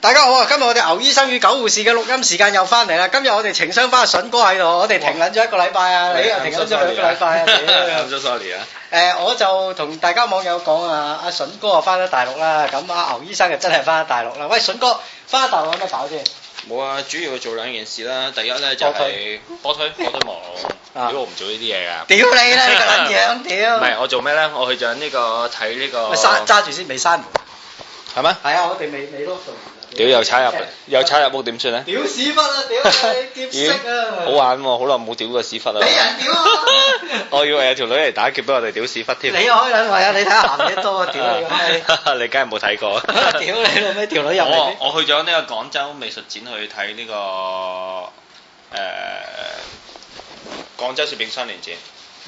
大家好啊！今日我哋牛醫生與狗護士嘅錄音時間又翻嚟啦。今日我哋情商翻阿筍哥喺度，我哋停撚咗一個禮拜啊！你又停撚咗兩個禮拜啊？咁多 sorry 啊！誒、啊，就啊啊、我就同大家網友講啊，阿、啊、筍哥啊，翻咗大陸啦。咁阿牛醫生就真係翻咗大陸啦。喂，筍哥，翻咗大陸有咩搞先？冇啊，主要做兩件事啦。第一咧就係、是、波推波推忙，如果、哎、我唔做呢啲嘢噶。屌你呢你個撚樣！屌唔係我做咩咧？我去咗呢個睇呢個。揸住先，未閂門。係咩？係啊，我哋未未攞屌又踩入，又踩入，又踩入屋點算咧？屌屎忽啊！屌你劫色啊！ 好玩喎，哦，好耐冇屌過屎忽啊！ 我以為有條女嚟打劫俾我哋屌屎忽添！你開眼位啊，你睇下行得多啊，屌啊！ 你梗係冇睇過屌你老味，條女入嚟！好你我去咗呢個廣州美術展去睇呢、這個誒廣、呃、州攝影雙年展。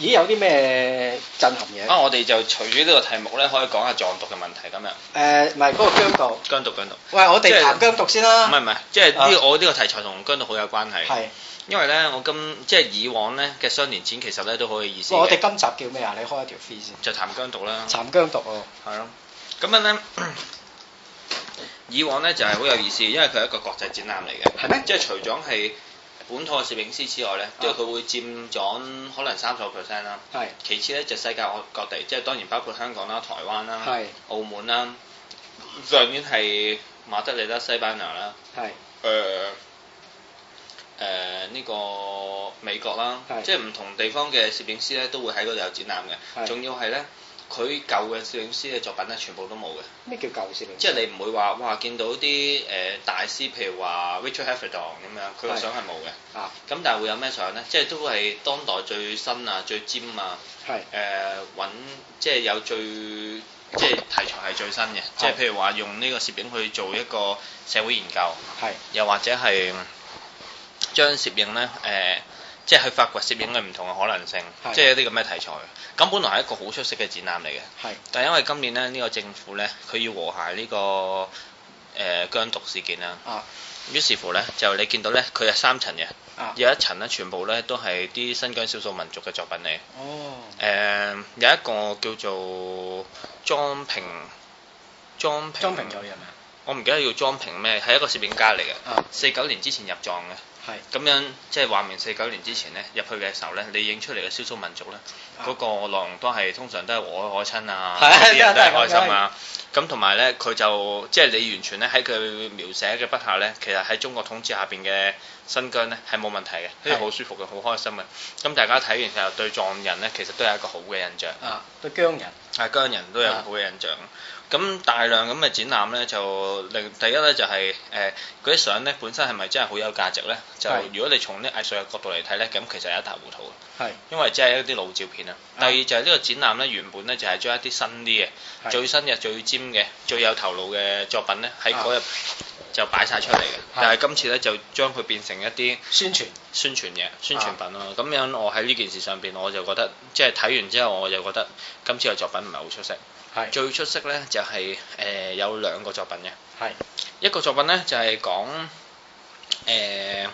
咦，有啲咩震撼嘢啊！我哋就隨住呢個題目咧，可以講下藏獨嘅問題咁樣。誒、呃，唔係嗰個疆獨。疆獨，疆獨。喂，我哋談疆獨先啦。唔係唔係，即係呢個、啊、我呢個題材同疆獨好有關係。係是。因為咧，我今即係以往咧嘅雙年展其實咧都好有意思。我哋今集叫咩啊？你開一條飛先。就談疆獨啦。談疆獨哦。係咯。咁樣咧，以往咧就係好有意思，因為佢係一個國際展覽嚟嘅。係咩的？即係除咗係。 本土嘅攝影師之外咧，因為佢會佔咗可能三十個 percent 啦。係是。其次咧就是世界各地，即係當然包括香港啦、台灣啦、是澳門啦。上年係馬德里得西班牙啦。係是。誒誒、呃、呢、呃，這個美國啦，是即係唔同地方嘅攝影師咧，都會喺嗰度有展覽嘅。仲是要係咧。佢舊嘅攝影師嘅作品咧，全部都冇嘅。咩叫舊攝影？即係你唔會話哇，見到啲誒、呃、大師，譬如話 Richard h Avedon 咁樣，佢個相係冇嘅。啊，咁但係會有咩相咧？即係都係當代最新啊、最尖啊，誒揾的、呃、即係有最即係題材係最新嘅，的即係譬如話用呢個攝影去做一個社會研究，的又或者係將攝影咧誒。呃即係去發掘攝影嘅唔同嘅可能性，即係一啲咁嘅題材。咁本來係一個好出色嘅展覽嚟嘅，但係因為今年咧呢個政府咧，佢要和諧呢個誒疆獨事件啊。哦。於是乎咧，就你見到咧，佢有三層嘅，有一層咧全部咧都係啲新疆少數民族嘅作品嚟。哦。誒，有一個叫做莊平，莊平莊平有人啊？我唔記得叫莊平咩，係一個攝影家嚟嘅，四九年之前入藏嘅。咁樣即係話明四九年之前咧，入去嘅時候咧，你影出嚟嘅少數民族咧，嗰、啊、個內容都係通常都係和藹可親啊，啲的人都係開心啊。咁同埋咧，佢就即係你完全咧喺佢描寫嘅筆下咧，其實喺中國統治下邊嘅新疆咧係冇問題嘅，係好的舒服嘅，好開心嘅。咁大家睇完之後對藏人咧其實都有一個好嘅印象啊，對疆人係疆、啊、人都有好嘅印象。咁大量咁嘅展覽咧，就令第一咧就係誒嗰啲相咧本身係咪真係好有價值咧？是就如果你從啲藝術嘅角度嚟睇咧，咁其實係一塌糊塗嘅。係是，因為即係一啲老照片啊。是第二就係呢個展覽咧，原本咧就係將一啲新啲嘅、是最新嘅、最尖嘅、是最有頭腦嘅作品咧，喺嗰日就擺晒出嚟嘅。是但係今次咧就將佢變成一啲宣傳、宣傳嘅、宣傳品咯。咁、啊、樣我喺呢件事上邊，我就覺得即係睇完之後，我就覺得今次嘅作品唔係好出色。係最出色咧，就係誒有兩個作品嘅。係一個作品咧，就係講誒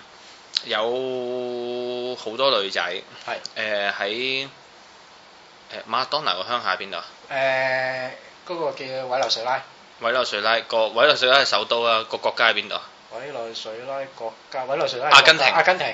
有好多女仔。係誒喺誒瑪當娜個鄉下邊度？誒嗰個叫委內瑞拉。委內瑞拉個委內瑞拉係首都啊！個國家喺邊度？委內瑞拉，國家委內瑞拉。阿根廷，阿根廷。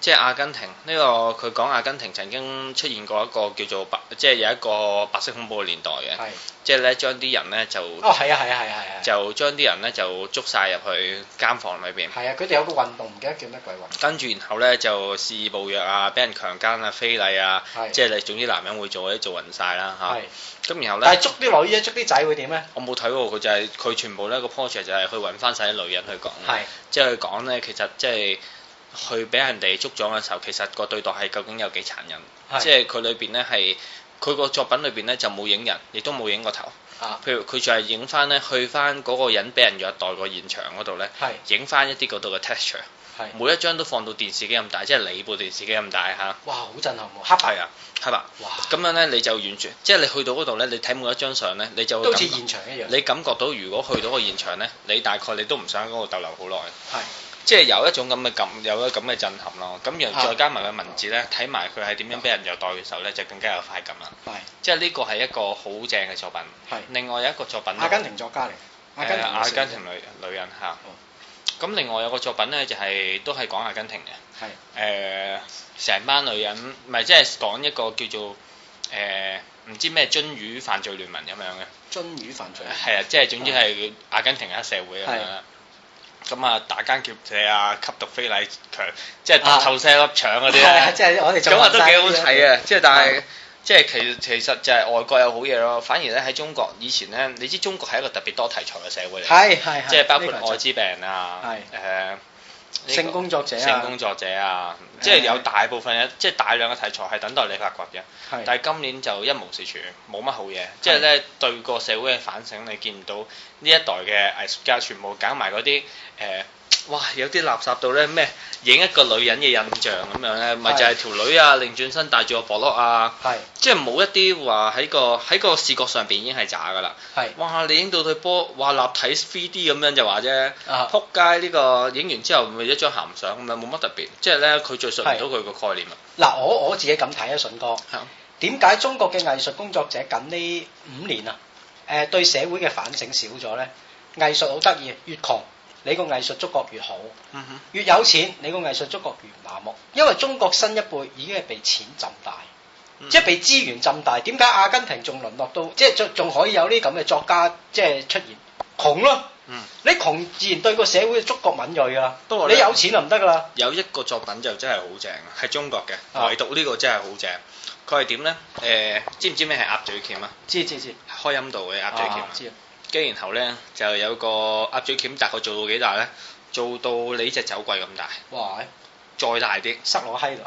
即係阿根廷呢、這個佢講阿根廷曾經出現過一個叫做白，即係有一個白色恐怖嘅年代嘅，是即係咧將啲人咧就，哦係啊係啊係啊係啊，啊啊就將啲人咧就捉晒入去監房裏邊。係啊，佢哋有個運動唔記得叫咩鬼運。跟、嗯、住然後咧就肆意暴虐啊，俾人強姦啊、非禮啊，即係你總之男人會做嘅都做暈晒啦嚇。咁、啊、是然後咧，但捉啲女啊，捉啲仔會點咧？我冇睇喎，佢就係、是、佢全部咧個 portrait 就係去揾翻晒啲女人去講，是 即佢講咧其實即、就、係、是。去俾人哋捉咗嘅時候，其實個對待係究竟有幾殘忍？是即係佢裏邊咧係，佢個作品裏邊咧就冇影人，亦都冇影過頭。啊！譬如佢就係影翻咧，去翻嗰個人俾人虐待個現場嗰度咧，影翻是一啲嗰度嘅 texture。係是每一張都放到電視機咁大，即係你部電視機咁大吓。哇！好震撼喎，係啊，係咪？哇！咁樣咧，你就完全即係你去到嗰度咧，你睇每一張相咧，你就會好似現場一樣。你感覺到如果去到個現場咧，你大概你都唔想喺嗰度逗留好耐。係。即係有一種咁嘅感，有一咁嘅震撼咯。咁樣再加埋個文字咧，睇埋佢係點樣俾人虐待嘅時候咧，就更加有快感啦。係，即係呢個係一個好正嘅作品。係。另外有一個作品。阿根廷作家嚟。誒。阿根廷女女人嚇。咁另外有個作品咧，就係都係講阿根廷嘅。係。誒，成班女人咪即係講一個叫做誒唔知咩鯖魚犯罪聯盟咁樣嘅。鯖魚犯罪。係啊，即係總之係阿根廷嘅社會啊。咁啊，打奸劫匪啊，吸毒非禮強，即係拍透曬粒腸嗰啲哋咁啊，都幾好睇啊。即係但係，即係其其實就係外國有好嘢咯，反而咧喺中國以前咧，你知中國係一個特別多題材嘅社會嚟，係係，即係包括艾滋病啊，係誒 的。Uh, 性工作者啊，性工作者啊，即係有大部分嘅，是的 即係大量嘅題材係等待你發掘嘅。是的 但係今年就一無是處，冇乜好嘢。是的 即係咧，對個社會嘅反省，你見唔到呢一代嘅藝術家全部揀埋嗰啲誒。呃哇！有啲垃圾到咧，咩影一個女人嘅印象咁樣咧，咪是就係條女啊，擰轉身帶住個陀螺啊，係是即係冇一啲話喺個喺個視覺上邊已經係渣噶啦，係是哇！你影到對波，話立體 3D 咁樣就話啫，啊！撲街呢、這個影完之後咪一張鹹相咁樣，咪冇乜特別，即係咧佢最信唔到佢個概念啊！嗱，我我自己咁睇啊，順哥，點解是中國嘅藝術工作者近呢五年啊，誒對社會嘅反省少咗咧？藝術好得意，越窮。你個藝術觸覺越好，嗯、哼越有錢，你個藝術觸覺越麻木。因為中國新一輩已經係被錢浸大，嗯、即係被資源浸大。點解阿根廷仲淪落到即係仲仲可以有呢咁嘅作家即係出現？窮咯，嗯、你窮自然對個社會嘅觸覺敏銳啊。你,你有錢就唔得噶啦。有一個作品就真係好正，係中國嘅，唯獨呢個真係好正。佢係點呢？誒、呃，知唔知咩係鴨嘴鉗啊？知知知，開陰道嘅鴨嘴鉗。知。跟然後咧就有個鴨嘴鉗，大概做到幾大咧？做到你隻酒櫃咁大。哇！再大啲，塞落個閪度。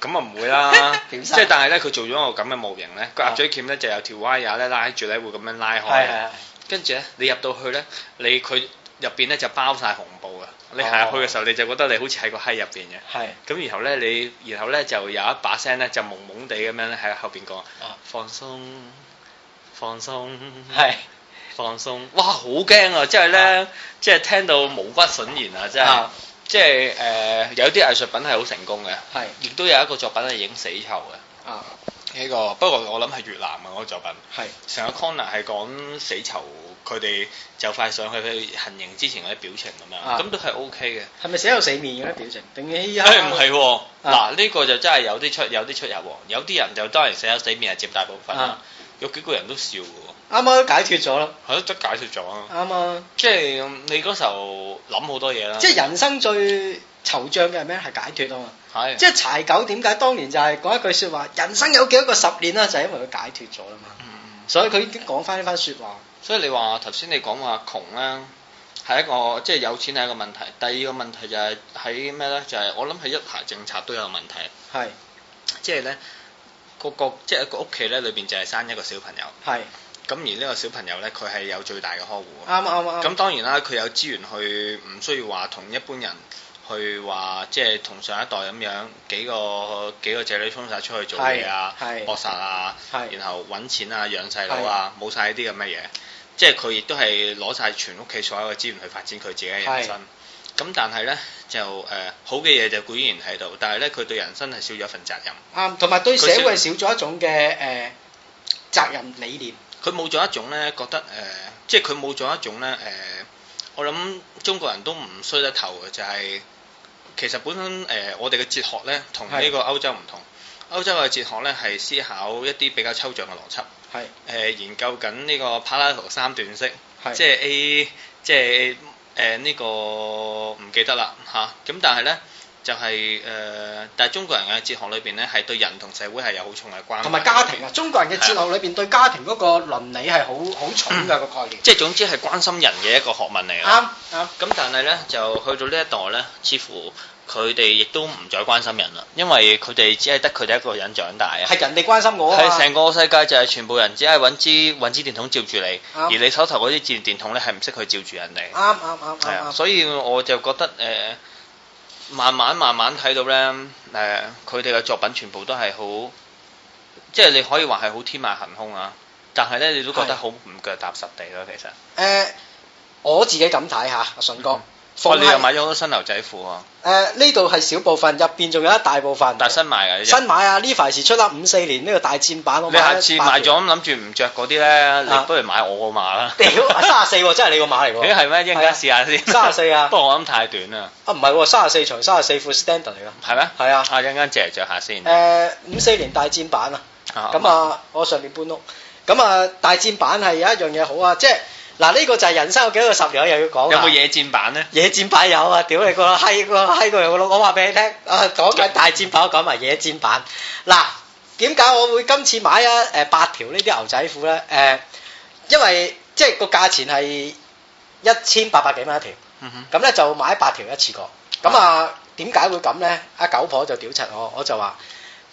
咁啊唔會啦，即係 說、就是、但係咧，佢做咗個咁嘅模型咧，個、啊、鴨嘴鉗咧就有條歪牙咧拉住咧，會咁樣拉開。跟住咧，你入到去咧，你佢入邊咧就包晒紅布嘅。你行入去嘅時候，哦、你就覺得你好似喺個閪入邊嘅。係的。咁然後咧，你然後咧就有一把聲咧，就朦朦地咁樣咧喺後邊講。啊、放鬆，放鬆。係的。放鬆，哇，好驚啊！即係咧，即係聽到毛骨悚然啊！即係，即係誒，有啲藝術品係好成功嘅，亦都有一個作品係影死囚嘅。啊，呢個不過我諗係越南啊，嗰個作品。係。成個 Conner 係講死囚，佢哋就快上去去行刑之前嗰啲表情咁樣，咁都係 OK 嘅。係咪寫有死面嗰啲表情？定係依唔係喎，嗱呢個就真係有啲出有啲出入喎。有啲人就當然寫有死面係接大部分，有幾個人都笑嘅喎。啱啊！剛剛解脫咗啦，係咯，解嗯、即解脫咗啊！啱啊！即係你嗰時候諗好多嘢啦。即係人生最惆悵嘅係咩咧？係解脫啊嘛！係是。即係柴狗點解當年就係講一句說話，人生有幾多個十年啊？就係、是、因為佢解脫咗啦嘛。嗯、所以佢已經講翻呢番說話。所以你話頭先你講話窮咧，係一個即係、就是、有錢係一個問題，第二個問題就係喺咩咧？就係、是、我諗係一孩政策都有問題。係是。即係咧，個、就是、一個即係個屋企咧，裏邊就係生一個小朋友。係是。咁而呢個小朋友呢，佢係有最大嘅呵護。啱啱。咁當然啦，佢有資源去，唔需要話同一般人去話，即係同上一代咁樣，幾個幾個仔女衝曬出去做嘢啊，搏殺啊，是然後揾錢啊，養細佬啊，冇晒呢啲咁嘅嘢。即係佢亦都係攞晒全屋企所有嘅資源去發展佢自己嘅人生。咁是但係呢，就誒、呃、好嘅嘢就固然喺度，但係呢，佢對人生係少咗一份責任。同埋對，對社會少咗一種嘅誒、呃、責任理念。佢冇咗一種咧，覺得誒、呃，即係佢冇咗一種咧，誒、呃，我諗中國人都唔衰得頭嘅，就係、是、其實本身誒、呃，我哋嘅哲學咧，同呢個歐洲唔同，是的 歐洲嘅哲學咧係思考一啲比較抽象嘅邏輯，係誒是的、呃、研究緊呢個柏拉圖三段式，即係是的 A 即係誒呢個唔記得啦嚇，咁但係咧。就係、是、誒、呃，但係中國人嘅哲學裏邊咧，係對人同社會係有好重嘅關係。同埋家庭啊，中國人嘅哲學裏邊是、啊、對家庭嗰個倫理係好好重嘅、嗯、個概念。即係總之係關心人嘅一個學問嚟啊。啱啱、嗯。咁、嗯、但係咧，就去到呢一代咧，似乎佢哋亦都唔再關心人啦，因為佢哋只係得佢哋一個人長大啊。係人哋關心我啊。係成個世界就係全部人只係揾支揾支電筒照住你，嗯、而你手頭嗰啲電電筒咧係唔識去照住人哋。啱啱啱啱。啊、嗯，嗯、所以我就覺得誒。呃慢慢慢慢睇到咧，誒佢哋嘅作品全部都係好，即係你可以話係好天馬行空啊，但係咧你都覺得好唔腳踏實地咯、啊，其實誒、呃、我自己咁睇下阿信哥，嗯我你又買咗好多新牛仔褲喎？誒呢度係少部分，入邊仲有一大部分。但係新買嘅，新買啊！呢排時出啦，五四年呢個大戰版我買。你下次買咗咁諗住唔着嗰啲咧，你不如買我個碼啦。屌，三十四真係你個碼嚟㗎？誒係咩？一陣間試下先。三十四啊！不過我諗太短啦。啊唔係，三十四長三十四副 standard 嚟㗎。係咩？係啊！啊一陣間借嚟著下先。誒五四年大戰版啊！咁啊，我上年搬屋。咁啊，大戰版係有一樣嘢好啊，即係。嗱呢個就係人生有幾多個十年，我又要講，有冇野戰版咧？野戰版有啊，屌你個閪個閪個樣，我話俾你聽、啊，講埋大戰版，講埋野戰版。嗱、啊，點解我會今次買啊？誒、呃，八條呢啲牛仔褲咧？誒、呃，因為即係個價錢係一千八百幾蚊一條，咁咧、嗯、哼就買八條一次過。咁、嗯、哼啊，點解會咁咧？阿九婆就屌柒我，我就話。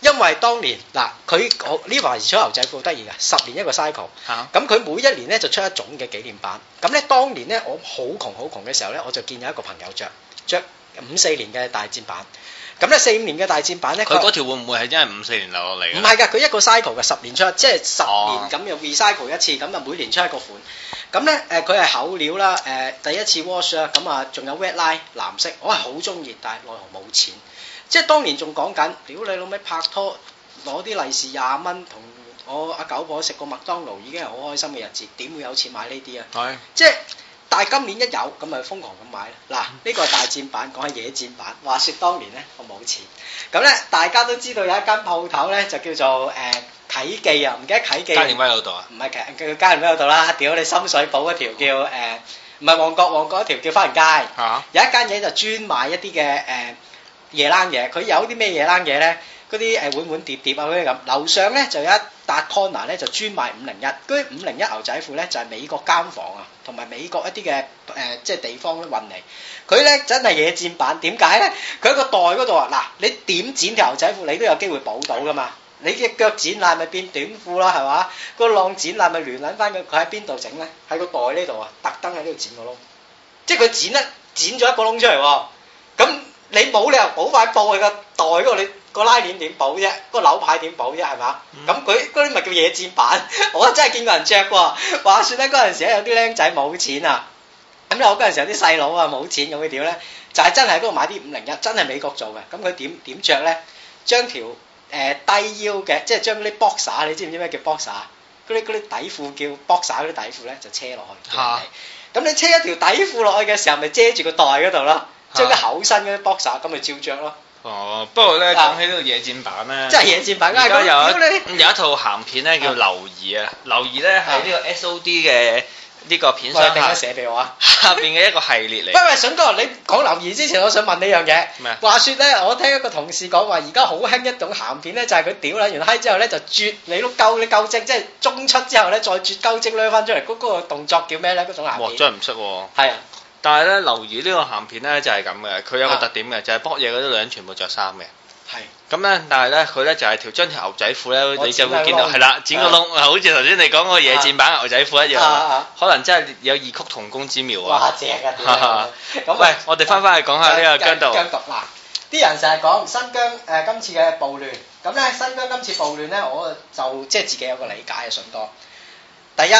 因為當年嗱佢講呢排而家牛仔褲得意㗎，十年一個 cycle。嚇、啊！咁佢每一年咧就出一種嘅紀念版。咁咧當年咧我好窮好窮嘅時候咧，我就見有一個朋友着，着五四年嘅大戰版。咁咧四五年嘅大戰版咧，佢嗰條會唔會係真係五四年流落嚟？唔係㗎，佢一個 cycle 㗎，十年出即係十年咁又 recycle 一次，咁就每年出一個款。咁咧誒佢係口料啦，誒、呃呃呃呃呃、第一次 wash 啦、啊，咁啊仲有 red line 藍色，我係好中意，但係奈何冇錢。即係當年仲講緊，屌你老味拍拖攞啲利是廿蚊，同我阿九婆食個麥當勞已經係好開心嘅日子，點會有錢買呢啲啊？係，即係但係今年一有咁咪瘋狂咁買咧。嗱，呢個係大戰版，講係野戰版。話説當年咧，我冇錢，咁咧大家都知道有一間鋪頭咧，就叫做誒啟記啊，唔記得啟記。加連威嗰度啊？唔係，佢加連威嗰度啦。屌你深水埗嗰條叫誒，唔係旺角，旺角一條叫花園街，有一間嘢就專賣一啲嘅誒。夜冷嘢，佢有啲咩夜冷嘢咧？嗰啲誒碗碗碟碟啊，嗰啲咁。樓上咧就有一笪 corner 咧，就專賣五零一。嗰啲五零一牛仔褲咧就係、是、美國監房啊，同埋美國一啲嘅誒，即係地方運嚟。佢咧真係野戰版，點解咧？佢喺個袋嗰度啊，嗱，你點剪條牛仔褲，你都有機會補到噶嘛？你嘅腳剪爛咪變短褲啦，係嘛？個浪剪爛咪聯撚翻佢，佢喺邊度整咧？喺個袋呢度啊，特登喺呢度剪個窿，即係佢剪咧，剪咗一個窿出嚟，咁。你冇理由補塊布去個袋嗰度，你個拉鏈點補啫？個紐牌點補啫？係嘛？咁佢嗰啲咪叫野戰版？ 我真係見過人着過。話説咧，嗰陣時有啲僆仔冇錢啊，咁咧我嗰陣時有啲細佬啊冇錢，咁佢點咧？就係、是、真係喺嗰度買啲五零一，真係美國做嘅。咁佢點點著咧？將條誒、呃、低腰嘅，即係將啲 boxer，你知唔知咩叫 boxer？嗰啲啲底褲叫 boxer 嗰啲底褲咧，就車落去。嚇、啊！咁你車一條底褲落去嘅時候，咪遮住個袋嗰度咯。即係啲厚身嗰啲 boxer 咁咪照著咯。哦，不過咧講起呢個野戰版咧，即係野戰版。而家有咧有一套鹹片咧叫《流兒》啊，《流兒》咧係呢個 S O D 嘅呢個片商下。寫俾我啊！下邊嘅一個系列嚟。喂喂，筍哥，你講《流兒》之前，我想問你一樣嘢。咩啊？話說咧，我聽一個同事講話，而家好興一種鹹片咧，就係佢屌撚完閪之後咧，就絕你碌鳩你鳩精，即係中出之後咧，再絕鳩精，拉翻出嚟。嗰個動作叫咩咧？嗰種鹹片。哇！真係唔識喎。係啊。但係咧，留意呢個鹹片咧就係咁嘅，佢有個特點嘅就係博嘢嗰啲女人全部着衫嘅。係。咁咧，但係咧，佢咧就係條將條牛仔褲咧，你就會見到係啦，剪個窿，好似頭先你講個野戰版牛仔褲一樣，可能真係有異曲同工之妙啊！哇正啊！咁，喂，我哋翻返去講下呢個疆獨。疆獨嗱，啲人成日講新疆誒，今次嘅暴亂，咁咧新疆今次暴亂咧，我就即係自己有一個理解嘅諗多。第一。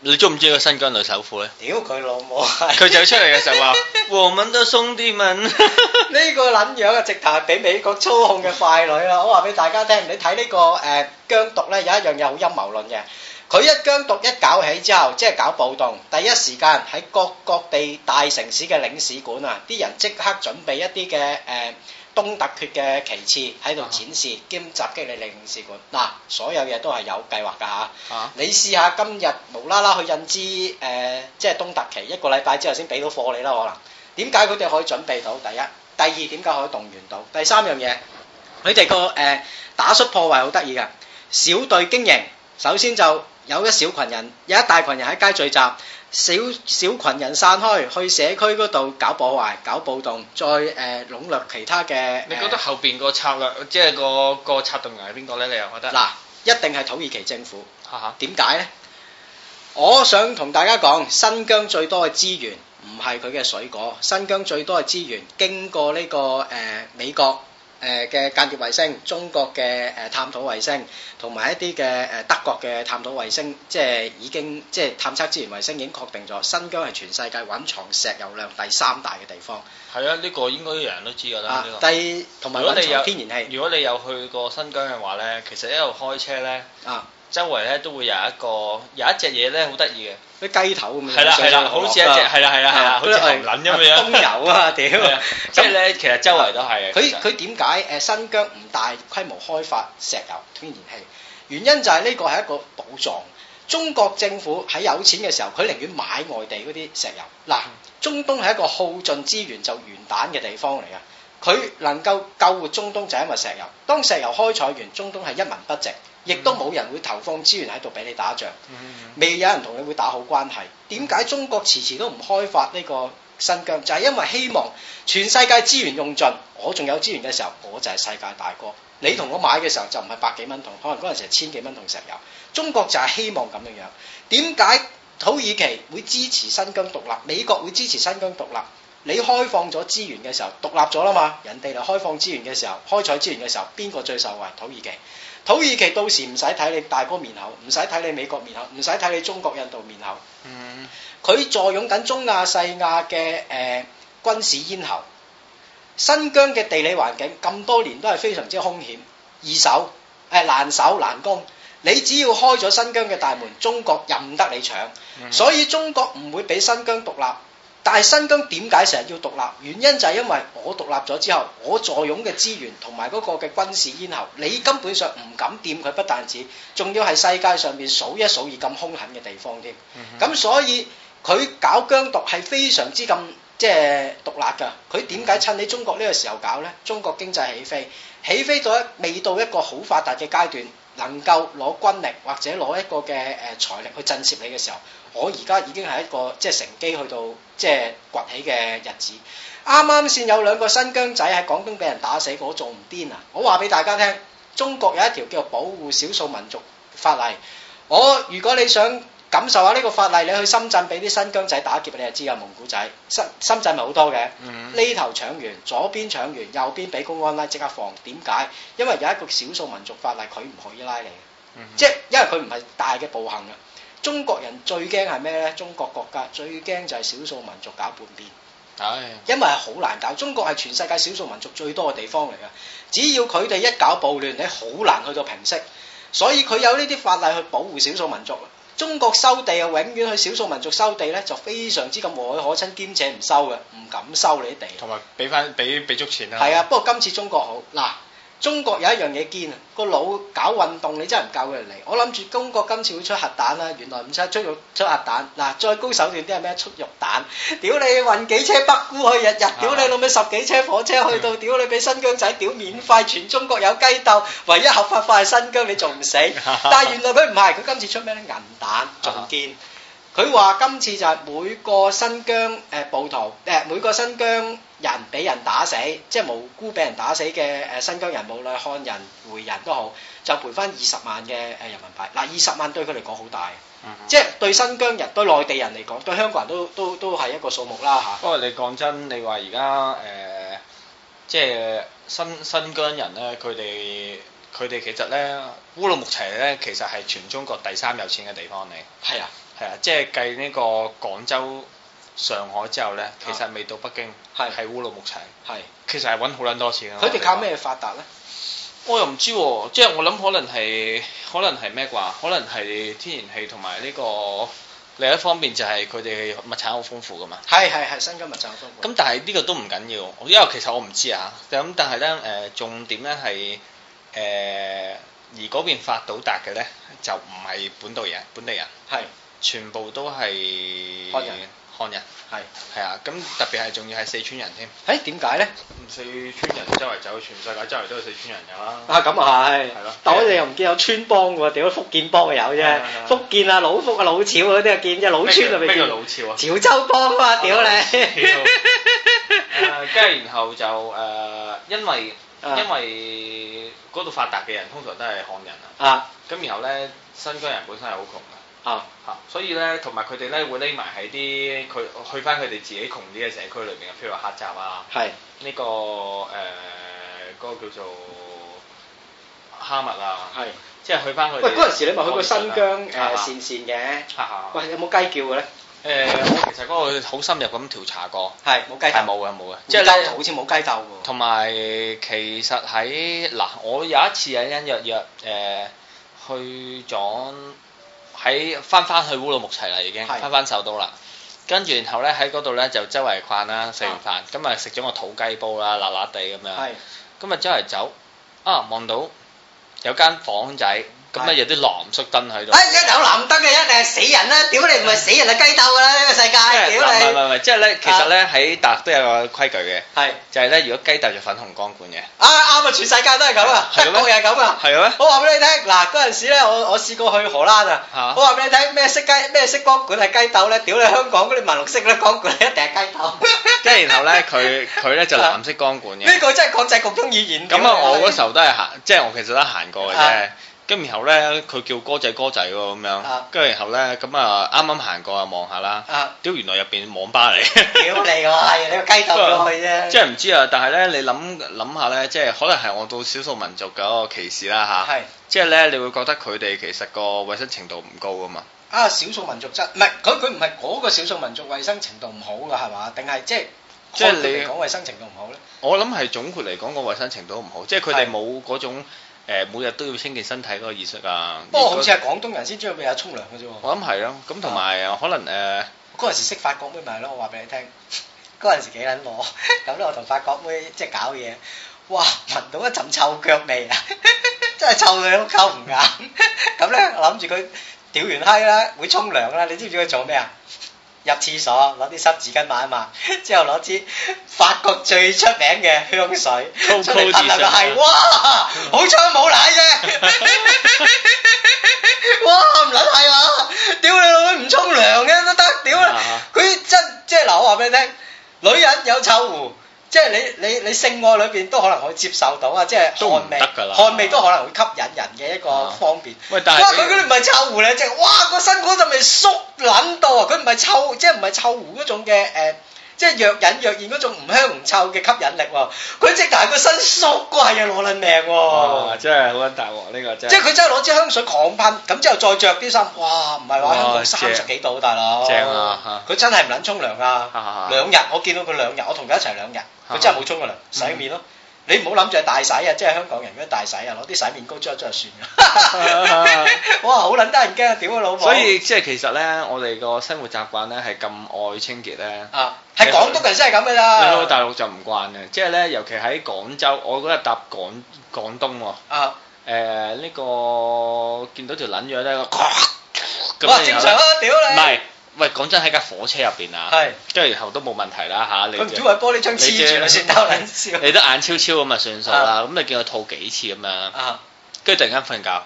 你鍾唔鍾意個新疆女首富咧？屌佢老母，佢走出嚟嘅時候話：黃敏都鬆啲問呢個撚樣啊，直頭係俾美國操控嘅傀儡啦！我話俾大家聽，你睇呢個誒疆獨咧，有一樣嘢好陰謀論嘅，佢一疆獨一搞起之後，即係搞暴動，第一時間喺各各地大城市嘅領事館啊，啲人即刻準備一啲嘅誒，東突厥嘅旗幟喺度展示、uh huh. 兼襲擊你領事館，嗱，所有嘢都係有計劃㗎嚇，uh huh. 你試下今日無啦啦去印支誒，即、呃、係、就是、東突厥一個禮拜之後先俾到貨你啦可能，點解佢哋可以準備到？第一，第二點解可以動員到？第三樣嘢，佢哋個誒打縮破壞好得意㗎，小隊經營首先就。有一小羣人，有一大羣人喺街聚集，小小羣人散開去社區嗰度搞破壞、搞暴動，再誒籠絡其他嘅。你覺得後邊個策略，即係個個策動人係邊個咧？你又覺得？嗱，一定係土耳其政府。嚇嚇。點解咧？我想同大家講，新疆最多嘅資源唔係佢嘅水果，新疆最多嘅資源經過呢個誒美國。誒嘅間諜衛星，中國嘅誒探討衛星，同埋一啲嘅誒德國嘅探討衛星，即係已經即係探測資源衛星已經確定咗，新疆係全世界揾藏石油量第三大嘅地方。係啊，呢、呢個應該人人都知㗎啦。啊，第同埋揾藏天然氣如。如果你有去過新疆嘅話呢，其實一路開車呢，啊，周圍呢都會有一個有一隻嘢呢，好得意嘅。啲雞頭咁樣，係啦係啦，好似一隻係啦係啦，係啦，好似熊撚咁樣。石油啊，屌！即係咧，其實周圍都係。佢佢點解誒新疆唔大規模開發石油、天然氣？原因就係呢個係一個寶藏。中國政府喺有錢嘅時候，佢寧願買外地嗰啲石油。嗱，中東係一個耗盡資源就完蛋嘅地方嚟嘅。佢能夠救活中東就係因為石油。當石油開採完，中東係一文不值。亦都冇人會投放資源喺度俾你打仗，未有人同你會打好關係。點解中國遲遲都唔開發呢個新疆？就係因為希望全世界資源用盡，我仲有資源嘅時候，我就係世界大哥。你同我買嘅時候就唔係百幾蚊桶，可能嗰陣時係千幾蚊桶石油。中國就係希望咁樣樣。點解土耳其會支持新疆獨立？美國會支持新疆獨立？你開放咗資源嘅時候，獨立咗啦嘛？人哋嚟開放資源嘅時候，開採資源嘅時候，邊個最受惠？土耳其？土耳其到時唔使睇你大哥面口，唔使睇你美國面口，唔使睇你中國印度面口。嗯，佢坐擁緊中亞細亞嘅誒、呃、軍事咽喉。新疆嘅地理環境咁多年都係非常之凶險，易守，誒、呃、難守難攻。你只要開咗新疆嘅大門，中國任得你搶。所以中國唔會俾新疆獨立。但係新疆點解成日要獨立？原因就係因為我獨立咗之後，我坐擁嘅資源同埋嗰個嘅軍事咽喉，你根本上唔敢掂佢，不但止，仲要係世界上面數一數二咁兇狠嘅地方添。咁、嗯、哼所以佢搞疆獨係非常之咁即係獨立㗎。佢點解趁你中國呢個時候搞呢？嗯、哼中國經濟起飛，起飛到一未到一個好發達嘅階段，能夠攞軍力或者攞一個嘅誒財力去震懾你嘅時候。我而家已經係一個即係乘機去到即係崛起嘅日子。啱啱先有兩個新疆仔喺廣東俾人打死，我仲唔癲啊！我話俾大家聽，中國有一條叫保護少數民族法例。我如果你想感受下呢個法例，你去深圳俾啲新疆仔打劫，你就知啊！蒙古仔深深圳咪好多嘅。呢、mm hmm. 頭搶完，左邊搶完，右邊俾公安拉即刻放。點解？因為有一個少數民族法例，佢唔可以拉你。Mm hmm. 即係因為佢唔係大嘅暴行啊！中國人最驚係咩咧？中國國家最驚就係少數民族搞叛變，因為係好難搞。中國係全世界少數民族最多嘅地方嚟噶，只要佢哋一搞暴亂，你好難去到平息。所以佢有呢啲法例去保護少數民族。中國收地又永遠去少數民族收地咧，就非常之咁和藹可親兼且唔收嘅，唔敢收你啲地。同埋俾翻俾俾足錢啦。係啊，不過今次中國好嗱。中國有一樣嘢堅啊，個腦搞運動你真係唔夠佢嚟。我諗住中國今次會出核彈啦，原來唔使出肉出核彈，嗱再高手段啲係咩？出肉彈，屌你運幾車北菇去，日日屌你老味十幾車火車去，去到，屌你俾新疆仔屌免費，全中國有雞竇，唯一合法化係新疆，你仲唔死？但係原來佢唔係，佢今次出咩咧？銀彈仲堅。 佢話：今次就係每個新疆誒暴徒誒、呃、每個新疆人俾人打死，即係無辜俾人打死嘅誒新疆人，無論漢人、回人都好，就賠翻二十萬嘅誒人民幣。嗱、啊，二十萬對佢嚟講好大，嗯、哼即係對新疆人、對內地人嚟講，對香港人都都都係一個數目啦嚇。不過你講真，你話而家誒，即、呃、係、就係、新新疆人咧，佢哋佢哋其實咧，烏魯木齊咧，其實係全中國第三有錢嘅地方。嚟。係啊。係啊，即係計呢個廣州、上海之後咧，其實未到北京，係、啊、烏魯木齊，係是其實係揾好撚多錢嘅。佢哋靠咩發達咧？我又唔知喎、啊，即係我諗可能係可能係咩啩？可能係天然氣同埋呢個另一方面就係佢哋物產好豐富嘅嘛。係係係，新疆物產好豐富。咁但係呢個都唔緊要，因為其實我唔知啊，咁但係咧誒，重點咧係誒，而嗰邊發到達嘅咧就唔係本土人，本地人係。全部都係漢人嘅，漢人係，係啊，咁特別係仲要係四川人添。誒，點解咧？四川人周圍走，全世界周圍都係四川人噶啦。啊，咁啊係，但係我哋又唔見有川幫喎，屌福建幫嘅有啫，福建啊老福啊老潮嗰啲啊見啫，老村啊咩叫老潮啊？潮州幫啊，屌你！誒，跟住然後就誒，因為因為嗰度發達嘅人通常都係漢人啊。啊！咁然後咧，新疆人本身係好窮。啊嚇、啊！所以咧，同埋佢哋咧會匿埋喺啲佢去翻佢哋自己窮啲嘅社區裏邊，譬如話黑集啊，係呢是、這個誒嗰、呃那個、叫做哈密啊，係即係去翻佢哋。喂，嗰陣時你咪去過新疆誒、啊啊、善善嘅，嚇嚇、啊。啊、喂，有冇雞叫嘅咧？誒、啊，我其實嗰個好深入咁調查過，係冇雞。係冇嘅冇嘅，即係咧好似冇雞竇喎。同埋其實喺嗱，我有一次隱隱約約誒、呃、去咗。喺翻翻去烏魯木齊啦，已經翻翻首都啦，跟住是的 然後咧喺嗰度咧就周圍逛啦，食完飯，是的 今日食咗個土雞煲啦，辣辣地咁樣，咁咪周圍走，啊望到有間房仔。咁咧有啲藍色燈喺度，哎，一有藍燈嘅，一定係死人啦！屌你唔係死人係雞竇噶啦，呢個世界，屌你！唔係唔係唔係，即係咧，其實咧喺大陸都有個規矩嘅，係就係咧，如果雞竇就粉紅光管嘅，啊啱啊，全世界都係咁啊，我啊，係咁啊，係啊！我話俾你聽，嗱嗰陣時咧，我我試過去荷蘭啊，我話俾你聽咩色雞咩色光管係雞竇咧？屌你香港嗰啲墨綠色咧光管一定係雞竇。即係然後咧，佢佢咧就藍色光管嘅。呢個真係國際局中語言。咁啊，我嗰時候都係行，即係我其實都行過嘅啫。咁然後咧，佢叫哥仔哥仔喎，咁樣。跟咁、啊、然後咧，咁啊，啱啱行過啊，望下啦。啊！屌，原來入邊網吧嚟。屌你啊！你個雞頭咁去啫。即係唔知啊，但係咧，你諗諗下咧，即係可能係我對少數民族嘅一個歧視啦吓，係、啊。是 即係咧，你會覺得佢哋其實個衞生程度唔高啊嘛。啊！少數民族質唔係，佢佢唔係嗰個少數民族衞生程度唔好嘅係嘛？定係即係。即係你講衞生程度唔好咧？我諗係總括嚟講個衞生程度唔好，即係佢哋冇嗰種。誒每日都要清潔身體嗰個意識啊，不過好似係廣東人先將佢有沖涼嘅啫，我諗係咯，咁同埋啊，可能誒嗰陣時識法國妹咪咯，我話俾你聽，嗰陣時幾撚攞，咁咧我同法國妹即係搞嘢，哇，聞到一陣臭腳味啊， 真係臭到我都溝唔硬，咁咧 我諗住佢屌完閪啦，會沖涼啦，你知唔知佢做咩啊？入廁所攞啲濕紙巾抹一抹，之後攞支法國最出名嘅香水， 出嚟噴就係、是，哇，嗯、好彩冇奶啫， 哇唔撚係嘛，屌你老母唔沖涼嘅都得。屌佢真即係嗱，我話俾你聽，女人有臭狐。即係你你你性愛裏邊都可能會接受到啊！即係汗味，汗味都可能會吸引人嘅一個方便、嗯。喂，但係哇！佢嗰啲唔係臭狐咧，即係哇個身嗰陣味縮撚到啊！佢唔係臭，即係唔係臭狐嗰種嘅誒。呃即係若隱若現嗰種唔香唔臭嘅吸引力喎。哦，佢即大個身縮怪啊，攞撚命喎，真係好撚大喎呢，呢個真係，即係佢真係攞支香水狂噴，咁之後再着啲衫，哇，唔係話香港三十幾度正大佬哥，正啊，佢真係唔撚沖涼啊，兩日，我見到佢兩日，我同佢一齊兩日，佢、啊、真係冇沖過涼，啊嗯、洗面咯。你唔好諗住係大洗啊，即係香港人嗰啲大洗啊，攞啲洗面膏捽一捽就算啦。哇，好撚得人驚啊！屌啊，老婆！所以即係其實咧，我哋個生活習慣咧係咁愛清潔咧。啊，係廣東人先係咁噶咋。喺大陸就唔慣嘅，即係咧，尤其喺廣州，我嗰日搭廣廣東喎。啊，誒呢個見到條撚樣咧，哇，正常啊！屌你。喂，講真喺架火車入邊啊，跟住然後都冇問題啦吓，你玻璃窗黐住算偷笑，你都眼超超咁啊，算數啦，咁你見過吐幾次咁啊？跟住突然間瞓覺，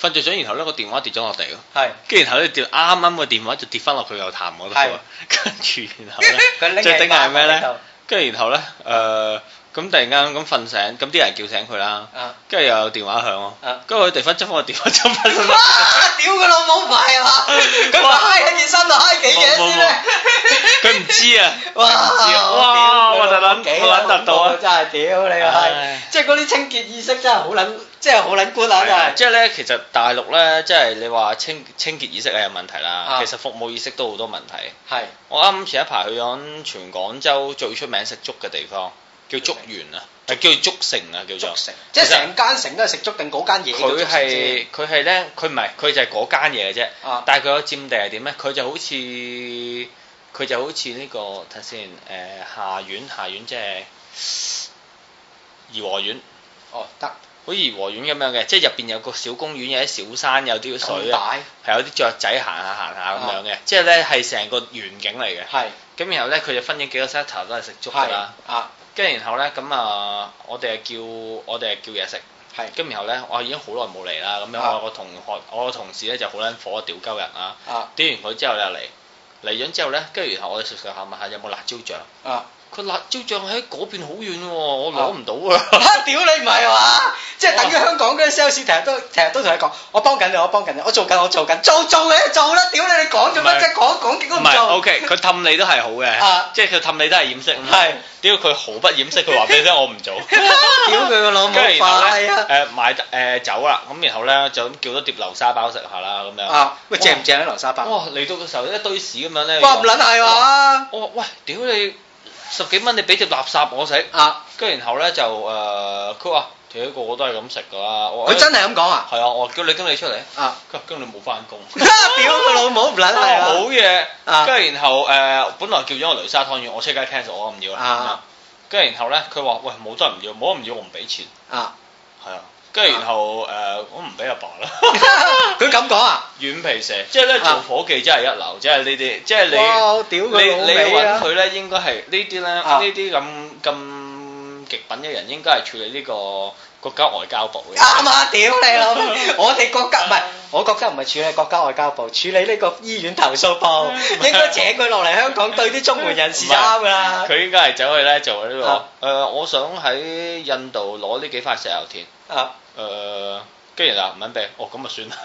瞓着咗，然後呢個電話跌咗落地咯，係，跟住然後咧掉啱啱個電話就跌翻落去又彈我都，跟住然後咧佢拎最頂硬係咩咧？跟住然後咧，誒。咁突然間咁瞓醒，咁啲人叫醒佢啦，跟住又有電話響，跟住佢突然之我開電話，就翻屌佢老母唔係啊！佢話開緊件衫就開幾嘢先咧，佢唔知啊！哇哇，我哋諗我諗突到啊！真係屌你啊！即係嗰啲清潔意識真係好撚，即係好撚觀念啊！即係咧，其實大陸咧，即係你話清清潔意識係有問題啦，其實服務意識都好多問題。係，我啱前一排去咗全廣州最出名食粥嘅地方。叫竹園啊，係叫竹城啊，叫做，竹城。即係成間城都係食竹定嗰間嘢。佢係佢係咧，佢唔係佢就係嗰間嘢嘅啫。但係佢個佔地係點咧？佢就好似佢就好似呢個睇先誒，下院下院即係頤和園。哦，得，好似頤和園咁樣嘅，即係入邊有個小公園，有啲小山，有啲水，係有啲雀仔行下行下咁樣嘅，即係咧係成個園景嚟嘅。係。咁然後咧，佢就分咗幾個 settle 都係食竹。啦。啊！跟然後咧，咁、呃、啊，我哋係叫我哋係叫嘢食。咁是然後咧，我已經好耐冇嚟啦。咁樣我個同學，我個同事咧就好撚火，屌鳩人啊！屌完佢之後又嚟，嚟咗之後咧，跟住，然後我哋食食下問下有冇辣椒醬。啊佢辣椒醬喺嗰邊好遠喎，我攞唔到啊！屌你唔係嘛？即係等於香港嗰啲 sales 成日都成日都同你講，我幫緊你，我幫緊你，我做緊，我做緊，做做你做啦！屌你！你講做乜啫？講講極都唔做。OK，佢氹你都係好嘅，即係佢氹你都係掩飾。係。屌佢毫不掩飾，佢話俾你聽，我唔做。屌佢個老母化。跟住誒買誒走啦。咁然後咧就咁叫多碟流沙包食下啦。咁樣。喂，正唔正咧流沙包？哇！嚟到嘅時候一堆屎咁樣咧。瓜唔撚係嘛？我喂，屌你！十幾蚊你俾碟垃圾我食啊！跟住然後咧就誒，佢話，屌個個都係咁食噶啦！佢真係咁講啊！係啊，我叫你經理出嚟啊！佢話經理冇翻工，屌佢老母唔撚理啊！好嘢！跟住然後誒，本來叫咗個雷沙湯圓，我出街聽咗我唔要啦。跟住然後咧，佢話：喂，冇得唔要，冇得唔要我唔俾錢啊！係啊，跟住然後誒，我唔俾阿爸啦。咁講啊，軟皮蛇，即係咧做伙計真係一流，即係呢啲，即係你你你揾佢咧，應該係呢啲咧，呢啲咁咁極品嘅人，應該係處理呢個國家外交部嘅。啱啊，屌你老味！我哋國家唔係我國家唔係處理國家外交部，處理呢個醫院投訴部，應該請佢落嚟香港對啲中門人士就啱噶啦。佢應該係走去咧做呢個，誒，我想喺印度攞呢幾塊石油田。啊。誒。跟住就唔穩定，哦，咁啊算啦。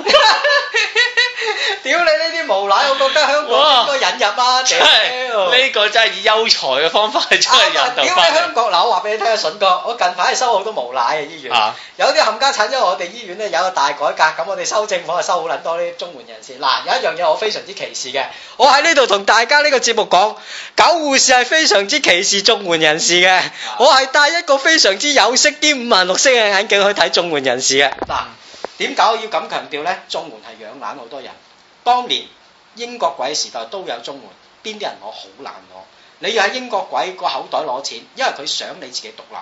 屌你呢啲無賴，我覺得香港應該引入啊！真係呢個真係以優才嘅方法係真係入嚟。屌你香港佬，我話俾你聽啊，筍哥，我近排收好多無賴嘅醫院，有啲冚家產，因為我哋醫院咧有個大改革，咁我哋收政府係收好撚多啲綜援人士。嗱，有一樣嘢我非常之歧視嘅，我喺呢度同大家呢個節目講，狗護士係非常之歧視綜援人士嘅。我係戴一個非常之有色啲五顏六色嘅眼鏡去睇綜援人士嘅。點解要咁強調咧？中門係養懶好多人。當年英國鬼時代都有中門，邊啲人我好難攞。你要喺英國鬼個口袋攞錢，因為佢想你自己獨立，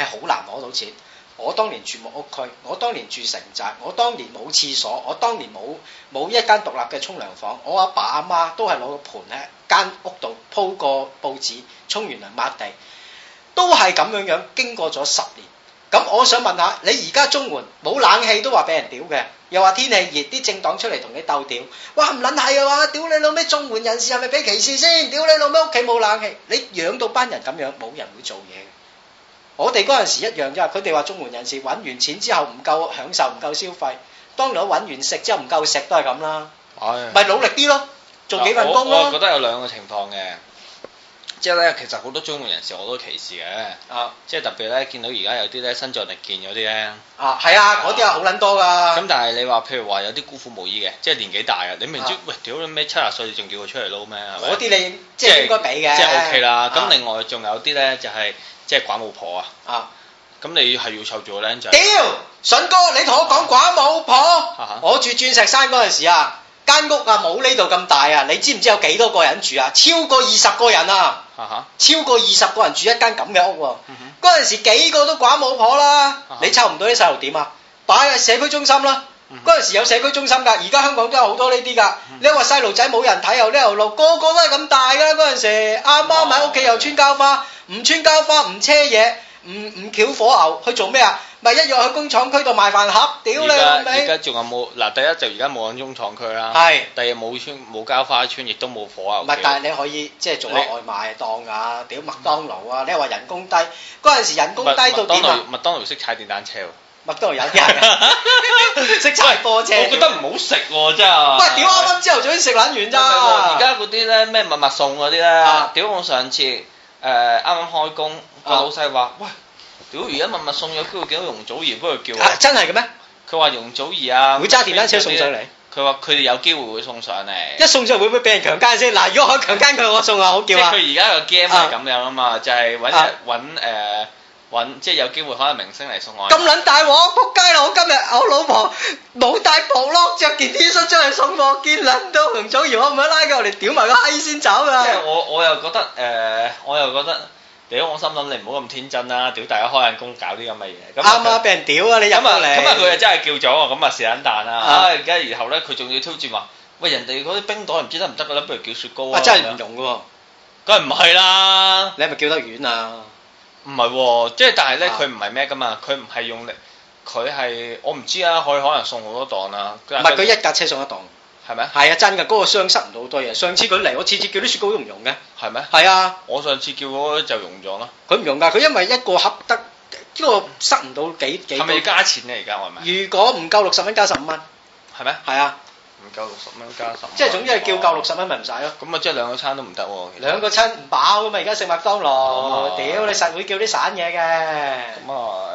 係好難攞到錢。我當年住木屋區，我當年住城寨，我當年冇廁所，我當年冇冇一間獨立嘅沖涼房。我阿爸阿媽，媽都係攞個盆喺間屋度鋪個報紙，沖完嚟，抹地，都係咁樣樣。經過咗十年。咁我想問下，你而家中環冇冷氣都話俾人屌嘅，又話天氣熱，啲政黨出嚟同你鬥屌，哇唔捻係啊哇，屌你老味中環人士係咪俾歧視先？屌你老味屋企冇冷氣，你養到班人咁樣，冇人會做嘢嘅。我哋嗰陣時一樣啫，佢哋話中環人士搵完錢之後唔夠享受，唔夠消費，當然我搵完食之後唔夠食都係咁啦。係咪、哎、呀努力啲咯，做幾份工咯我。我覺得有兩個情況嘅。即係咧，其實好多中年人士我都歧視嘅，即係特別咧，見到而家有啲咧身壯力健嗰啲咧，啊係啊，嗰啲啊好撚多噶。咁但係你話譬如話有啲孤苦無依嘅，即係年紀大啊，你明知，喂，屌你咩七十歲仲叫佢出嚟撈咩？嗰啲你即係應該俾嘅，即係 OK 啦。咁另外仲有啲咧就係即係寡母婆啊，啊，咁你係要湊住個僆仔。屌，筍哥，你同我講寡母婆，我住鑽石山嗰陣時啊，間屋啊冇呢度咁大啊，你知唔知有幾多個人住啊？超過二十個人啊！超過二十個人住一間咁嘅屋，喔，嗰陣、嗯、哼時幾個都寡母婆啦，嗯、哼你湊唔到啲細路點啊？擺喺社區中心啦，嗰陣、嗯、哼時有社區中心㗎，而家香港都有好多呢啲㗎。你話細路仔冇人睇又呢條路，個個都係咁大㗎嗰陣時，阿媽喺屋企又穿膠花，唔穿膠花唔車嘢，唔唔撬火牛去做咩啊？咪一樣喺工廠區度賣飯盒，屌你！而家而家仲有冇嗱？第一就而家冇喺工廠區啦，係。第二冇村冇膠花村，亦都冇火牛。唔係，但係你可以即係做下外賣檔啊！屌麥當勞啊！你又話人工低，嗰陣時人工低到點啊？麥當勞識踩電單車喎。麥當勞有啲人啊，識踩貨車。我覺得唔好食喎，真係。喂！屌啱啱朝頭早食撚完咋？而家嗰啲咧咩密密送嗰啲咧？屌我上次誒啱啱開工個老細話喂。屌！而家物物送有機會見到容祖兒，不過叫真係嘅咩？佢話容祖兒啊，會揸電單車送上嚟。佢話佢哋有機會會送上嚟。一送上會唔會俾人強姦先？嗱，如果我強姦佢，我送啊，好叫啊。即係佢而家個 game 係咁樣啊嘛，就係揾日揾誒揾，即係有機會可能明星嚟送我。咁撚大鑊，撲街咯！我今日我老婆冇帶薄咯，着件 T 恤出去送我，見撚到容祖兒我唔可以拉佢我哋屌埋個閪先走啊？即係我我又覺得誒，我又覺得。屌，我心諗你唔好咁天真啦！屌，大家開緊工搞啲咁嘅嘢，啱唔啱？俾人屌啊！你飲啊，你。啊！咁啊！佢啊真係叫咗，咁啊屎捻彈啊！唉，而家然後咧，佢仲要挑戰話，喂人哋嗰啲冰袋唔知得唔得噶啦，不如叫雪糕啊！啊真係唔用噶喎，梗係唔係啦！你係咪叫得遠啊？唔係喎，即係但係咧，佢唔係咩噶嘛，佢唔係用力，佢係我唔知啊，佢可能送好多檔啦。唔係佢一架車送一檔。係咪？係啊，真噶，嗰個箱塞唔到好多嘢。上次佢嚟，我次次叫啲雪糕都唔融嘅，係咪？係啊，我上次叫嗰就融咗囉。佢唔融噶，佢因為一個盒得，呢個塞唔到幾幾。係咪加錢咧？而家係咪？如果唔夠六十蚊，加十五蚊。係咪？係啊。唔夠六十蚊，加十。即係總之係叫夠六十蚊咪唔使咯。咁啊，即係兩個餐都唔得喎。兩個餐唔飽咁嘛！而家食麥當勞，屌你實會叫啲散嘢嘅。咁啊。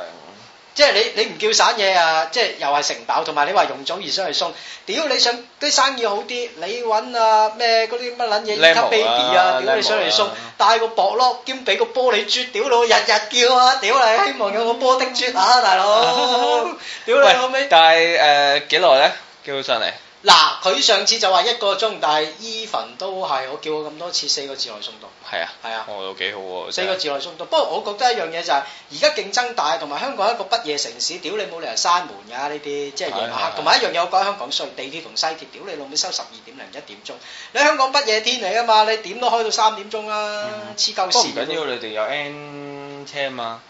即係你你唔叫散嘢啊！即係又係食唔飽，同埋你話容祖兒想嚟送，屌 你想啲生意好啲，你揾啊咩嗰啲乜撚嘢 New Baby 啊！屌、啊啊啊、你想嚟送，啊、帶個薄笠兼俾個玻璃珠，屌佬日日叫啊！屌你希望有個玻璃珠啊，大佬！屌你後屘帶誒幾耐咧？叫佢、呃、上嚟。嗱，佢上次就話一個鐘，但係 even 都係我叫過咁多次四個字內送到。係啊，係啊，我都幾好喎。四個字內送到，不過我覺得一樣嘢就係而家競爭大，同埋香港一個不夜城市，屌你冇理由閂門㗎呢啲，即係夜晚黑。同埋一樣嘢我講香港衰，地鐵同西鐵屌你老母收十二點零一點鐘，你香港不夜天嚟㗎嘛，你點都開到三點鐘啦，黐鳩事。不過唔緊要，你哋有 N 車嘛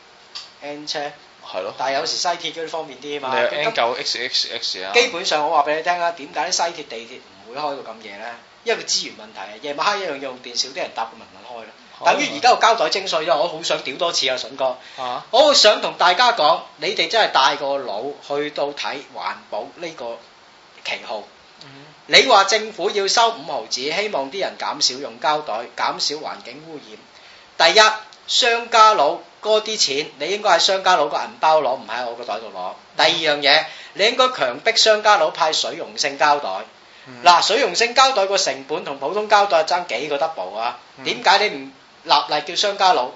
？N 車。係咯，但係有時西鐵嗰啲方便啲啊嘛。你 N 九 X X X 啊？基本上我話俾你聽啊，點解、嗯、西鐵地鐵唔會開到咁夜呢？因為佢資源問題，夜晚黑一樣用電、嗯、少啲人搭，個文文開啦。嗯、等於而家個膠袋徵稅咗，我好想屌多次啊，筍哥。嚇、啊！我好想同大家講，你哋真係帶個腦去到睇環保呢個旗號。嗯、你話政府要收五毫紙，希望啲人減少用膠袋，減少環境污染。第一，第一第一商家佬。多啲錢，你應該喺商家佬個銀包攞，唔喺我個袋度攞。第二樣嘢，你應該強迫商家佬派水溶性膠袋。嗱、嗯，水溶性膠袋個成本同普通膠袋爭幾個 double 啊？點解你唔立例叫商家佬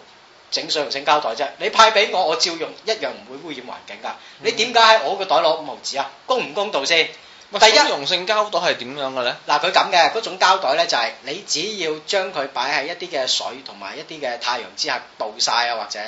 整水溶性膠袋啫？你派俾我，我照用一樣唔會污染環境噶。你點解喺我個袋攞五毫紙啊？公唔公道先？第一，水溶性膠袋係點樣嘅咧？嗱，佢咁嘅嗰種膠袋咧，就係你只要將佢擺喺一啲嘅水同埋一啲嘅太陽之下暴曬啊，或者誒，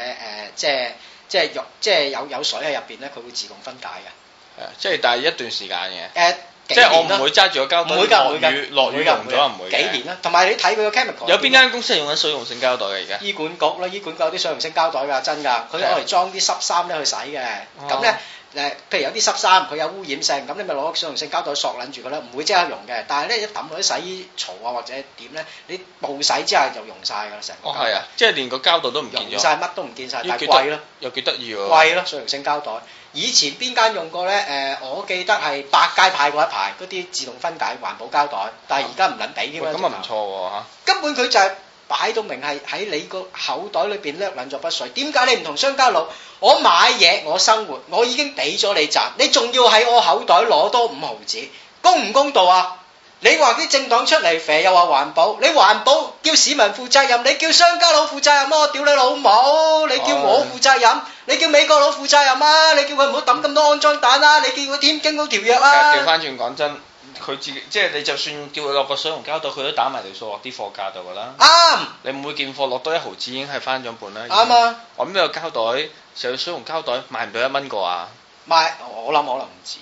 即係即係溶，即係有有水喺入邊咧，佢會自動分解嘅。係，即係但係一段時間嘅。誒，即係我唔會揸住個膠袋落雨，落雨融咗又唔會。幾年啦？同埋你睇佢個 chemical。有邊間公司係用緊水溶性膠袋嘅而家？醫管局啦，醫管局有啲水溶性膠袋噶，真噶，佢攞嚟裝啲濕衫咧去洗嘅，咁咧。誒，譬如有啲濕衫，佢有污染性，咁你咪攞水溶性膠袋索撚住佢啦，唔會即刻溶嘅。但係咧一抌落啲洗衣槽啊或者點咧，你暴洗之後就溶晒㗎啦，成個膠袋、哦、係啊，即係連個膠袋都唔見晒，乜都唔見晒，但係貴咯，又幾得意喎，貴咯水溶性膠袋。以前邊間用過咧？誒、呃，我記得係百佳派嗰一排嗰啲自動分解環保膠袋，但係而家唔撚俾添啦。咁啊唔錯喎，根本佢就係、是。擺到明係喺你個口袋裏邊叻撚咗筆水，點解你唔同商家佬？我買嘢我生活，我已經俾咗你賺，你仲要喺我口袋攞多五毫子，公唔公道啊？你話啲政黨出嚟肥，又話環保，你環保叫市民負責任，你叫商家佬負責任，我屌你老母，你叫我負責任，你叫美國佬負責任啊？你叫佢唔好抌咁多安裝彈啊？你叫佢點京都條約啊？調翻轉講真。佢自己即係你，就算叫佢落個水溶膠袋，佢都打埋條數落啲貨架度噶啦。啱、嗯，你每件貨落多一毫子已經係翻咗半啦。啱、嗯、為啊，我呢個膠袋，成個水溶膠袋賣唔到一蚊個啊？賣，我諗可能唔止。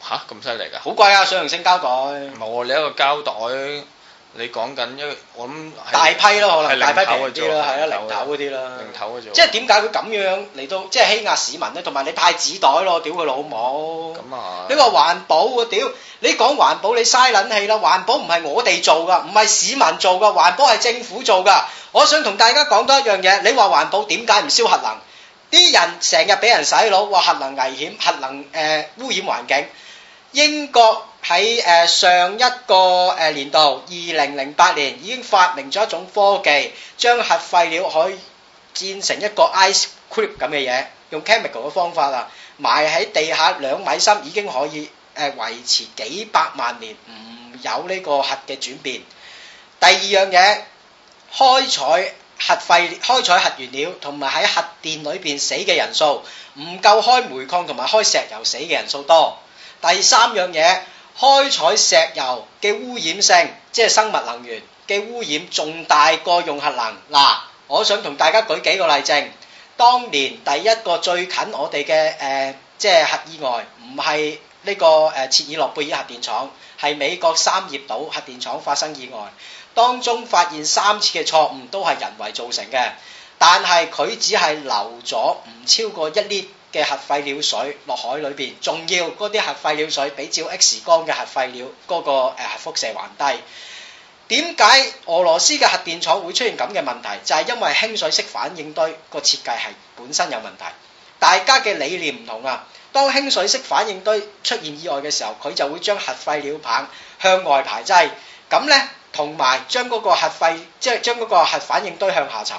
吓，咁犀利㗎？好貴啊！水溶性膠袋。唔係喎，你一個膠袋。你講緊一，我諗大批咯，可能大批平啲啦，係啊，零頭嗰啲啦，零頭嘅啫。即係點解佢咁樣嚟到，即係欺壓市民咧？同埋你派紙袋咯，屌佢老母！咁啊，你話環保啊，屌！你講環保你嘥撚氣啦，環保唔係我哋做噶，唔係市民做噶，環保係政府做噶。我想同大家講多一樣嘢，你話環保點解唔燒核能？啲人成日俾人洗腦話核能危險，核能誒、呃、污染環境。英國喺誒上一個誒年度二零零八年已經發明咗一種科技，將核廢料可以建成一個 ice cream 咁嘅嘢，用 chemical 嘅方法啊，埋喺地下兩米深已經可以誒維持幾百萬年，唔有呢個核嘅轉變。第二樣嘢，開採核廢開採核原料同埋喺核電裏邊死嘅人數，唔夠開煤礦同埋開石油死嘅人數多。第三樣嘢，開採石油嘅污染性，即係生物能源嘅污染，仲大過用核能。嗱，我想同大家舉幾個例證。當年第一個最近我哋嘅誒，即係核意外，唔係呢個誒切爾諾貝爾核電廠，係美國三葉島核電廠發生意外，當中發現三次嘅錯誤都係人為造成嘅，但係佢只係漏咗唔超過一哩嘅核廢料水落海裏邊，仲要嗰啲核廢料水比照 X 光嘅核廢料嗰個誒核輻射還低。點解俄羅斯嘅核電廠會出現咁嘅問題？就係因為輕水式反應堆個設計係本身有問題。大家嘅理念唔同啊。當輕水式反應堆出現意外嘅時候，佢就會將核廢料棒向外排擠，咁呢同埋將嗰個核廢，即係將嗰個核反應堆向下沉。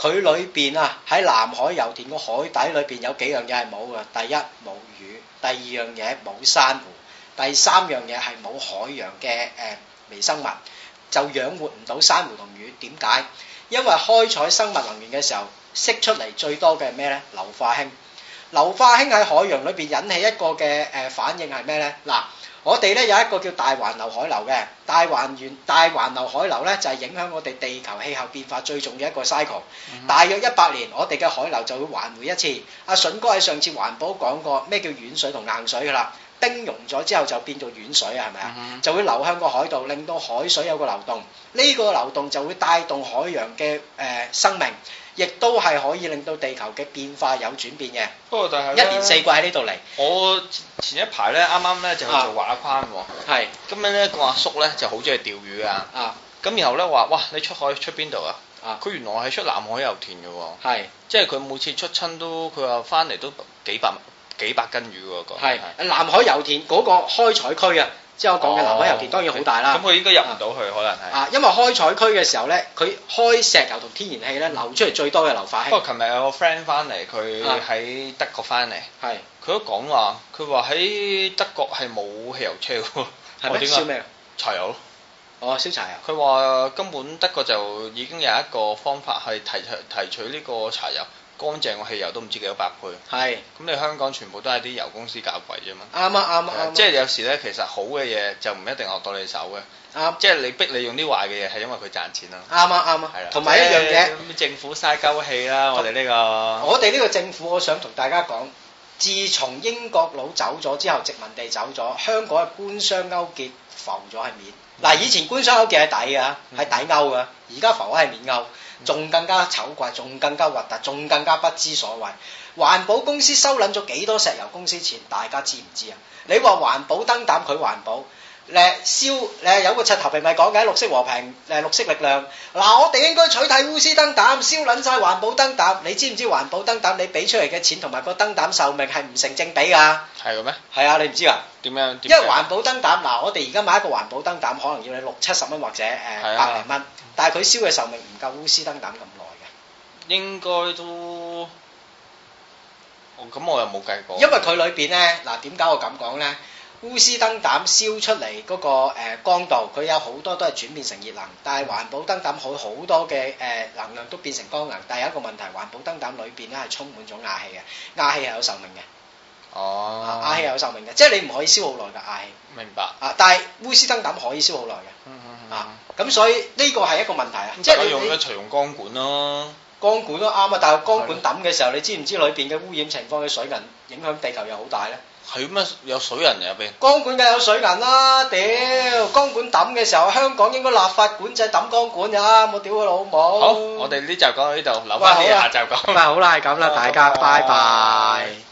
佢裏邊啊，喺南海油田個海底裏邊有幾樣嘢係冇嘅。第一，冇魚，第二樣嘢冇珊瑚，第三樣嘢係冇海洋嘅誒微生物，就養活唔到珊瑚同魚。點解？因為開採生物能源嘅時候，釋出嚟最多嘅係咩咧？硫化氫。硫化氫喺海洋裏邊引起一個嘅誒反應係咩咧？嗱。我哋咧有一個叫大環流海流嘅，大環圓大環流海流咧就係、是、影響我哋地球氣候變化最重要一個 cycle，大約一百年我哋嘅海流就會環回一次。阿、啊、順哥喺上次環保講過咩叫軟水同硬水㗎啦，冰融咗之後就變做軟水啊，係咪啊？就會流向個海度，令到海水有個流動，呢、這個流動就會帶動海洋嘅誒、呃、生命。亦都係可以令到地球嘅變化有轉變嘅。不過、哦，就係一年四季喺呢度嚟。我前一排咧，啱啱咧就去做畫框。係。今日咧個阿叔咧就好中意釣魚啊。啊。咁然後咧話，哇！你出海出邊度啊？啊。佢原來係出南海油田嘅喎。係、啊。是即係佢每次出親都，佢話翻嚟都幾百幾百斤魚喎，講、那個。係是。南海油田嗰個開採區啊！即係我講嘅南海油田當然好大啦、哦。咁佢應該入唔到去，啊、可能係。啊，因為開採區嘅時候咧，佢開石油同天然氣咧流出嚟最多嘅流化氣、啊。不過琴日有個 friend 翻嚟，佢喺德國翻嚟。係、啊。佢都講話，佢話喺德國係冇汽油車喎。係、點燒咩？柴油咯。哦，燒柴油。佢話、哦、根本德國就已經有一個方法係提提取呢個柴油。乾淨個汽油都唔知幾多百倍，係咁是你香港全部都係啲油公司搞鬼啫嘛。啱啊啱啊，即係、啊啊、有時咧，其實好嘅嘢就唔一定學到你手嘅。啱、啊，即係你逼你用啲壞嘅嘢係因為佢賺錢啦。啱啊啱啊，係啦，同埋一樣嘢。政府嘥鳩氣啦，我哋呢、這個。我哋呢個政府，我想同大家講，自從英國佬走咗之後，殖民地走咗，香港嘅官商勾結浮咗係面。嗱、嗯，以前官商勾結係底啊，係底勾㗎，而家浮係面勾。仲更加醜怪，仲更加核突，仲更加不知所謂。環保公司收撚咗幾多石油公司錢，大家知唔知啊？你話環保燈膽佢環保，誒燒誒有個七頭皮咪講緊綠色和平誒綠色力量嗱，我哋應該取締烏絲燈膽，燒撚晒環保燈膽。你知唔知環保燈膽你俾出嚟嘅錢同埋個燈膽壽命係唔成正比噶？係嘅咩？係啊，你唔知啊？點樣？因為環保燈膽嗱，我哋而家買一個環保燈膽，可能要你六七十蚊或者誒百零蚊。但係佢燒嘅壽命唔夠鎢絲燈膽咁耐嘅，應該都，咁我又冇計過。因為佢裏邊咧，嗱點解我咁講咧？鎢絲燈膽燒出嚟嗰個光度，佢有好多都係轉變成熱能，但係環保燈膽佢好多嘅誒能量都變成光能，但係有一個問題，環保燈膽裏邊咧係充滿咗氬氣嘅，氬氣係有壽命嘅，哦，氬氣係有壽命嘅，即係你唔可以燒好耐噶，氬氣，明白？啊，但係鎢絲燈膽可以燒好耐嘅，嗯嗯啊！咁所以呢個係一個問題啊，即係你用嘅長光管咯，光管都啱啊，但係光管抌嘅時候，你知唔知裏邊嘅污染情況嘅水銀影響地球又好大咧？係咩？有水銀入邊？光管梗係有水銀啦，屌！光管抌嘅時候，香港應該立法管制抌光管呀！冇，屌佢老母！好，我哋呢就講到呢度，留翻啲下就講。好啦，咁啦，大家拜拜。